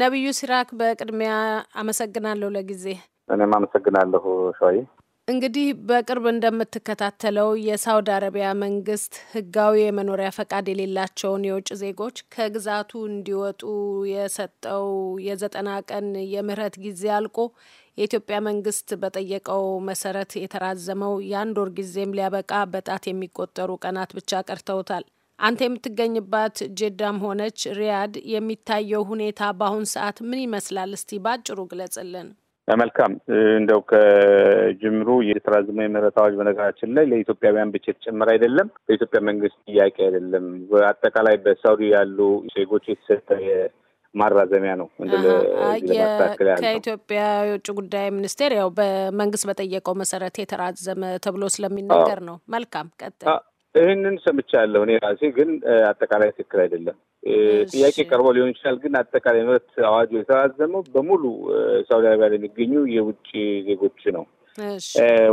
ነቢዩ ሲራክ በቅድሚያ አመሰግናለሁ ለጊዜ። እኔም አመሰግናለሁ ሸዋዬ። እንግዲህ በቅርብ እንደምትከታተለው የሳውዲ አረቢያ መንግስት ህጋዊ የመኖሪያ ፈቃድ የሌላቸውን የውጭ ዜጎች ከግዛቱ እንዲወጡ የሰጠው የዘጠና ቀን የምህረት ጊዜ አልቆ የኢትዮጵያ መንግስት በጠየቀው መሰረት የተራዘመው የአንድ ወር ጊዜም ሊያበቃ በጣት የሚቆጠሩ ቀናት ብቻ ቀርተውታል። አንተ የምትገኝባት ጄዳም ሆነች ሪያድ የሚታየው ሁኔታ በአሁን ሰዓት ምን ይመስላል? እስቲ ባጭሩ ግለጽልን። መልካም እንደው ከጅምሩ የተራዘመ የምህረት አዋጅ በነገራችን ላይ ለኢትዮጵያውያን ብቻ የተጨመረ አይደለም። በኢትዮጵያ መንግስት ጥያቄ አይደለም። አጠቃላይ በሳውዲ ያሉ ዜጎች የተሰጠ ማራዘሚያ ነው። ከኢትዮጵያ የውጭ ጉዳይ ሚኒስቴር ያው በመንግስት በጠየቀው መሰረት የተራዘመ ተብሎ ስለሚነገር ነው። መልካም ቀጥል። ይህንን ሰምቻለሁ እኔ ራሴ ግን አጠቃላይ ትክክል አይደለም። ጥያቄ ቀርቦ ሊሆን ይችላል። ግን አጠቃላይ መብት አዋጁ የተራዘመው በሙሉ ሳውዲ አረቢያ የሚገኙ የውጭ ዜጎች ነው።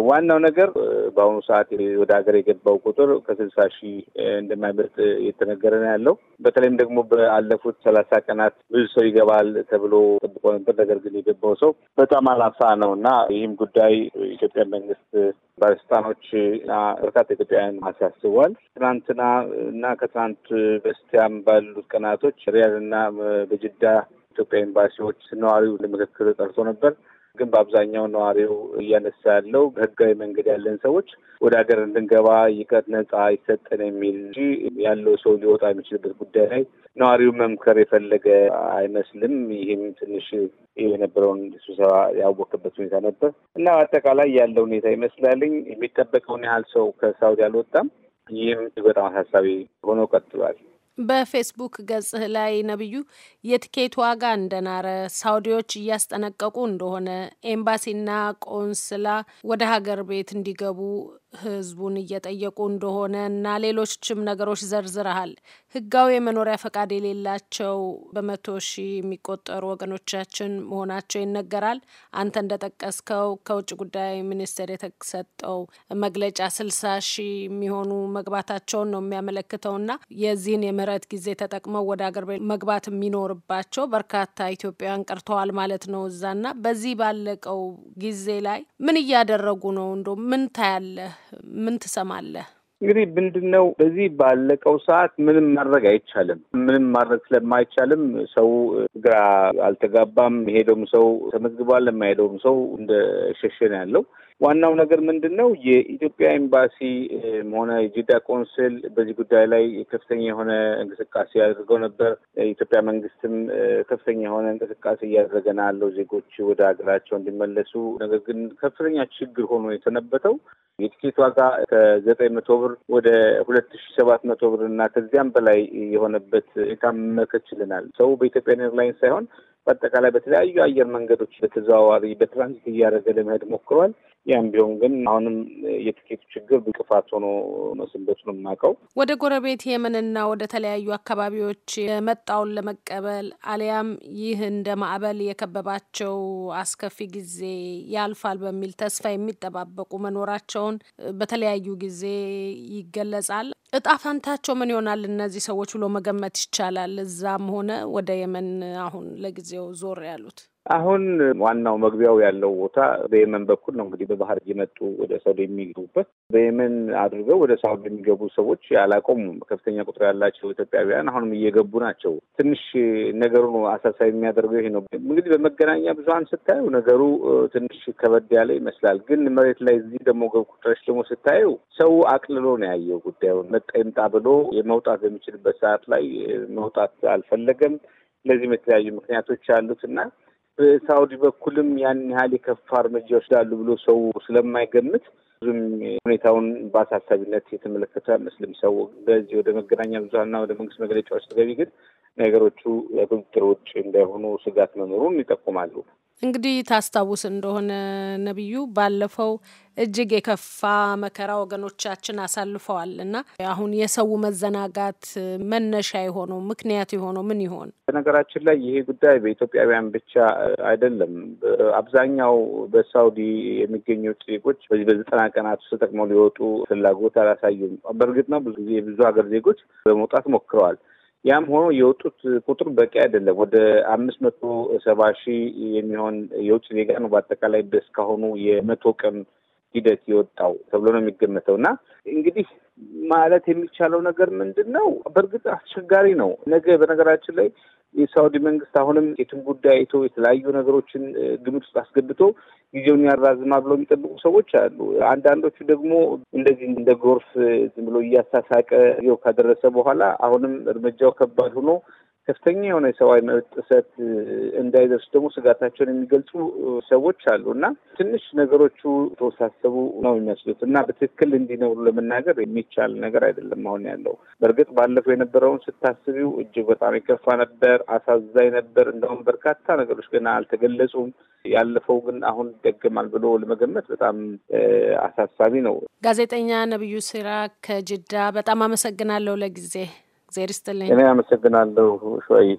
ዋናው ነገር በአሁኑ ሰዓት ወደ ሀገር የገባው ቁጥር ከስልሳ ሺህ እንደማይበልጥ እየተነገረ ነው ያለው። በተለይም ደግሞ በአለፉት ሰላሳ ቀናት ብዙ ሰው ይገባል ተብሎ ጠብቆ ነበር። ነገር ግን የገባው ሰው በጣም አላሳ ነው እና ይህም ጉዳይ ኢትዮጵያ መንግስት ባለስልጣኖች እና በርካታ ኢትዮጵያውያን አሳስቧል። ትናንትና እና ከትናንት በስቲያም ባሉት ቀናቶች ሪያድ እና በጅዳ ኢትዮጵያ ኤምባሲዎች ነዋሪው ለምክክር ጠርቶ ነበር። ግን በአብዛኛው ነዋሪው እያነሳ ያለው ህጋዊ መንገድ ያለን ሰዎች ወደ ሀገር እንድንገባ ይቀት ነጻ ይሰጠን የሚል እንጂ ያለው ሰው ሊወጣ የሚችልበት ጉዳይ ላይ ነዋሪው መምከር የፈለገ አይመስልም። ይህም ትንሽ የነበረውን ስብሰባ ያወክበት ሁኔታ ነበር እና አጠቃላይ ያለው ሁኔታ ይመስላልኝ የሚጠበቀውን ያህል ሰው ከሳውዲ አልወጣም። ይህም በጣም አሳሳቢ ሆኖ ቀጥሏል። በፌስቡክ ገጽህ ላይ ነብዩ የትኬት ዋጋ እንደናረ ሳውዲዎች እያስጠነቀቁ እንደሆነ ኤምባሲና ቆንስላ ወደ ሀገር ቤት እንዲገቡ ህዝቡን እየጠየቁ እንደሆነ እና ሌሎችም ነገሮች ዘርዝረሃል። ህጋዊ የመኖሪያ ፈቃድ የሌላቸው በመቶ ሺህ የሚቆጠሩ ወገኖቻችን መሆናቸው ይነገራል። አንተ እንደጠቀስከው ከውጭ ጉዳይ ሚኒስቴር የተሰጠው መግለጫ ስልሳ ሺህ የሚሆኑ መግባታቸውን ነው የሚያመለክተውና የዚህን የምህረት ጊዜ ተጠቅመው ወደ አገር መግባት የሚኖርባቸው በርካታ ኢትዮጵያውያን ቀርተዋል ማለት ነው እዛና በዚህ ባለቀው ጊዜ ላይ ምን እያደረጉ ነው? እንዶ ምን ታያለህ? ምን ትሰማለህ? እንግዲህ ምንድን ነው በዚህ ባለቀው ሰዓት ምንም ማድረግ አይቻልም። ምንም ማድረግ ስለማይቻልም ሰው ግራ አልተጋባም። የሄደውም ሰው ተመዝግቧል፣ የማይሄደውም ሰው እንደ ሸሸን ያለው ዋናው ነገር ምንድን ነው የኢትዮጵያ ኤምባሲ ሆነ የጅዳ ቆንስል በዚህ ጉዳይ ላይ ከፍተኛ የሆነ እንቅስቃሴ አድርገው ነበር። የኢትዮጵያ መንግስትም ከፍተኛ የሆነ እንቅስቃሴ እያደረገ ነው ያለው ዜጎች ወደ ሀገራቸው እንዲመለሱ። ነገር ግን ከፍተኛ ችግር ሆኖ የተነበተው የትኬት ዋጋ ከዘጠኝ መቶ ብር ብር ወደ ሁለት ሺ ሰባት መቶ ብር እና ከዚያም በላይ የሆነበት የታመከችልናል። ሰው በኢትዮጵያን ኤርላይንስ ሳይሆን በአጠቃላይ በተለያዩ አየር መንገዶች በተዘዋዋሪ በትራንዚት እያደረገ ለመሄድ ሞክሯል። ያም ቢሆን ግን አሁንም የትኬቱ ችግር እንቅፋት ሆኖ መስንበቱ ነው የማውቀው። ወደ ጎረቤት የመንና ወደ ተለያዩ አካባቢዎች የመጣውን ለመቀበል አሊያም ይህ እንደ ማዕበል የከበባቸው አስከፊ ጊዜ ያልፋል በሚል ተስፋ የሚጠባበቁ መኖራቸውን በተለያዩ ጊዜ ይገለጻል። እጣፋንታቸው ምን ይሆናል እነዚህ ሰዎች ብሎ መገመት ይቻላል? እዛም ሆነ ወደ የመን አሁን ለጊዜው ዞር ያሉት አሁን ዋናው መግቢያው ያለው ቦታ በየመን በኩል ነው። እንግዲህ በባህር እየመጡ ወደ ሳውዲ የሚገቡበት በየመን አድርገው ወደ ሳውዲ የሚገቡ ሰዎች አላቆሙም። ከፍተኛ ቁጥር ያላቸው ኢትዮጵያውያን አሁንም እየገቡ ናቸው። ትንሽ ነገሩን አሳሳቢ የሚያደርገው ይሄ ነው። እንግዲህ በመገናኛ ብዙኃን ስታዩ ነገሩ ትንሽ ከበድ ያለ ይመስላል። ግን መሬት ላይ እዚህ ደግሞ ገብኩ ድረስ ደግሞ ስታየው ሰው አቅልሎ ነው ያየው ጉዳዩን። መጣ ይምጣ ብሎ መውጣት በሚችልበት ሰዓት ላይ መውጣት አልፈለገም። ለዚህም የተለያዩ ምክንያቶች አሉት እና በሳውዲ በኩልም ያን ያህል የከፋ እርምጃዎች ላሉ ብሎ ሰው ስለማይገምት ብዙም ሁኔታውን በአሳሳቢነት የተመለከተ አይመስልም። ሰው በዚህ ወደ መገናኛ ብዙሀንና ወደ መንግስት መግለጫዎች ተገቢ ግን ነገሮቹ የቁጥጥር ውጭ እንዳይሆኑ ስጋት መኖሩን ይጠቁማሉ። እንግዲህ ታስታውስ እንደሆነ ነቢዩ ባለፈው እጅግ የከፋ መከራ ወገኖቻችን አሳልፈዋል እና አሁን የሰው መዘናጋት መነሻ የሆነው ምክንያት የሆነው ምን ይሆን? በነገራችን ላይ ይሄ ጉዳይ በኢትዮጵያውያን ብቻ አይደለም። አብዛኛው በሳውዲ የሚገኙ ዜጎች በዚህ በዘጠና ቀናት ውስጥ ተጠቅመው ሊወጡ ፍላጎት አላሳዩም። በእርግጥ ነው ብዙ ጊዜ ብዙ ሀገር ዜጎች በመውጣት ሞክረዋል። ያም ሆኖ የወጡት ቁጥር በቂ አይደለም። ወደ አምስት መቶ ሰባ ሺህ የሚሆን የውጭ ዜጋ ነው በአጠቃላይ በእስካሁኑ የመቶ ቀን ሂደት የወጣው ተብሎ ነው የሚገመተው እና እንግዲህ ማለት የሚቻለው ነገር ምንድን ነው? በእርግጥ አስቸጋሪ ነው። ነገ በነገራችን ላይ የሳውዲ መንግስት አሁንም የትን ጉዳይ አይቶ የተለያዩ ነገሮችን ግምት ውስጥ አስገብቶ ጊዜውን ያራዝማ ብለው የሚጠብቁ ሰዎች አሉ። አንዳንዶቹ ደግሞ እንደዚህ እንደ ጎርፍ ዝም ብሎ እያሳሳቀ ካደረሰ በኋላ አሁንም እርምጃው ከባድ ሆኖ ከፍተኛ የሆነ የሰብአዊ መብት ጥሰት እንዳይደርስ ደግሞ ስጋታቸውን የሚገልጹ ሰዎች አሉ እና ትንሽ ነገሮቹ ተወሳሰቡ ነው የሚመስሉት እና በትክክል እንዲኖሩ ለመናገር የሚቻል ነገር አይደለም አሁን ያለው። በእርግጥ ባለፈው የነበረውን ስታስቢው እጅግ በጣም የከፋ ነበር፣ አሳዛኝ ነበር። እንደውም በርካታ ነገሮች ገና አልተገለጹም። ያለፈው ግን አሁን ይደገማል ብሎ ለመገመት በጣም አሳሳቢ ነው። ጋዜጠኛ ነብዩ ሲራክ ከጅዳ በጣም አመሰግናለሁ ለጊዜ እግዚአብሔር ይስጥልኝ። እኔ አመሰግናለሁ ሸይ